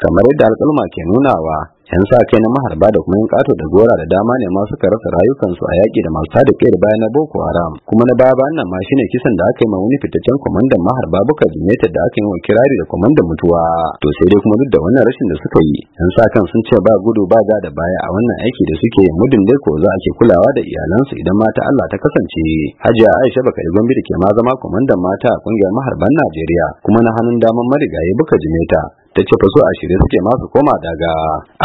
kamar yadda alƙalma ke nunawa yan sa kai na maharba da kuma yin ƙato da gora da dama ne masu suka rasa rayukansu a yaƙi da masu sada kiyar bayan na boko haram kuma na baya bayan nan ma shine kisan da aka yi ma wani fitaccen kwamandan maharba buka jimeta da aka yi wa kirari da kwamandan mutuwa to sai dai kuma duk da wannan rashin da suka yi yan sa kan sun ce ba gudu ba ga da baya a wannan aiki da suke mudin dai ko za a ke kulawa da iyalansu idan mata Allah ta kasance hajiya Aisha baka yi gombe da ke ma zama kwamandan mata a kungiyar maharban Najeriya kuma na hannun daman marigayi buka jimeta ta ce fa so a shirye suke masu koma daga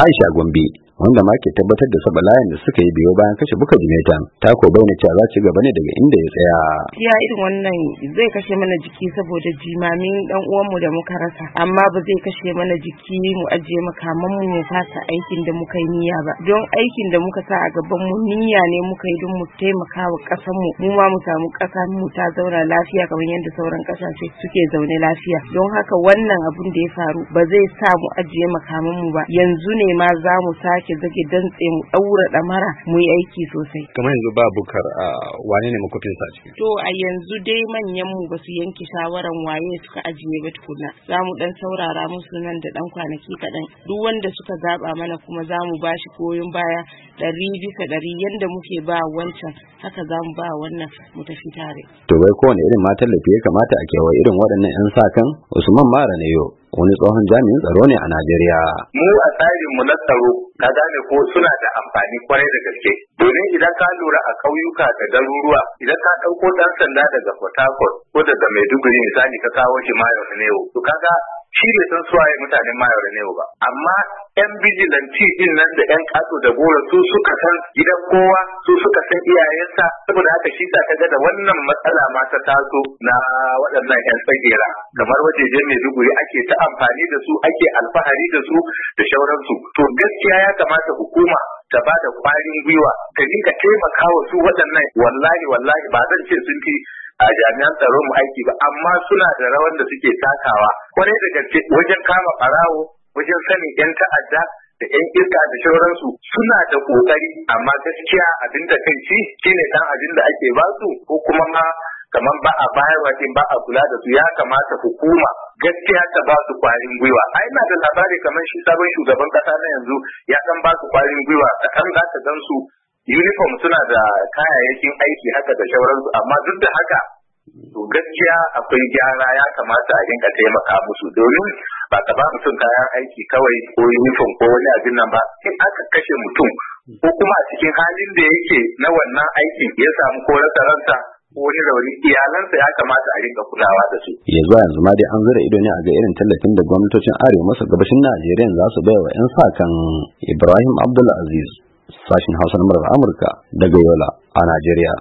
aisha gombe wanda ma ke tabbatar da layin da suka yi biyo bayan kashe buka jimeta ta ko bai cewa za ci gaba ne daga inda ya tsaya ya irin wannan zai kashe mana jiki saboda jimamin dan uwanmu da muka rasa amma ba zai kashe mana jiki mu ajiye makaman mu mu fasa aikin da muka yi niyya ba don aikin da muka sa a gaban mu niyya ne muka yi don mu taimaka wa kasan mu mu ma mu samu kasa mu ta zauna lafiya kamar yadda sauran kasashe suke zaune lafiya don haka wannan abin da ya faru ba zai sa mu ajiye makaman mu ba yanzu ne ma za mu sake sake zage dantse mu daura damara mu yi aiki sosai kamar yanzu ba bukar wane ne makofin sa to a yanzu dai manyan mu ba su yanke shawaran waye suka ajiye ba tukuna za mu dan saurara musu nan da dan kwanaki kaɗan duk wanda suka zaba mana kuma za mu ba shi koyon baya ɗari bisa ɗari yanda muke ba wancan haka za mu ba wannan mu tafi tare to bai kowane irin matan da ya kamata a kewa irin waɗannan 'yan sa kan usman mara ne yau wani tsohon jami'in tsaro ne a Najeriya. Mu a tsarin mu na tsaro ka gane ko suna da amfani kwarai da gaske. Domin idan ka lura a ƙauyuka da garuruwa idan ka ɗauko ɗan sanda daga Port ko daga Maiduguri misali ka kawo shi Mayo Newo. To kaga shi bai san suwaye mutanen mayar ne ba amma yan vigilanti din nan da yan kato da gora su suka san gidan kowa su suka san iyayensa saboda haka shi sa kaga da wannan matsala ma ta taso na waɗannan yan tsagera kamar wajeje mai duguri ake ta amfani da su ake alfahari da su da shauransu to gaskiya ya kamata hukuma ta ba da kwarin gwiwa ta ka taimaka wa su waɗannan wallahi wallahi ba zan ce sun fi a jami'an tsaron mu aiki ba amma suna da rawar da suke takawa kwarai da gaske wajen kama barawo wajen sanin yan ta'adda da yan iska da shauransu suna da kokari amma gaskiya abin da shi shine dan abin da ake su? ko kuma ma kamar ba a bayarwa ba a kula da su ya kamata hukuma gaskiya ta ba su kwarin gwiwa a ina da labari kamar shi sabon shugaban kasa na yanzu ya kan ba su kwarin gwiwa kan za ta gan su uniform suna da kayayyakin aiki haka da shauransu amma duk da haka to gaskiya akwai gyara ya kamata a dinga taimaka musu domin ba ka ba mutum kayan aiki kawai ko uniform ko wani abin nan ba in aka kashe mutum ko kuma cikin halin da yake na wannan aikin ya samu ko rasa ransa wani rauni iyalansa ya kamata a rinka kulawa da su. Yanzu a yanzu ma dai an zura ido ne a ga irin tallafin da gwamnatocin arewa masa gabashin Najeriya za su wa 'yan sa kan Ibrahim AbdulAziz, sashen sashin Hausa na Amurka daga Yola a Najeriya.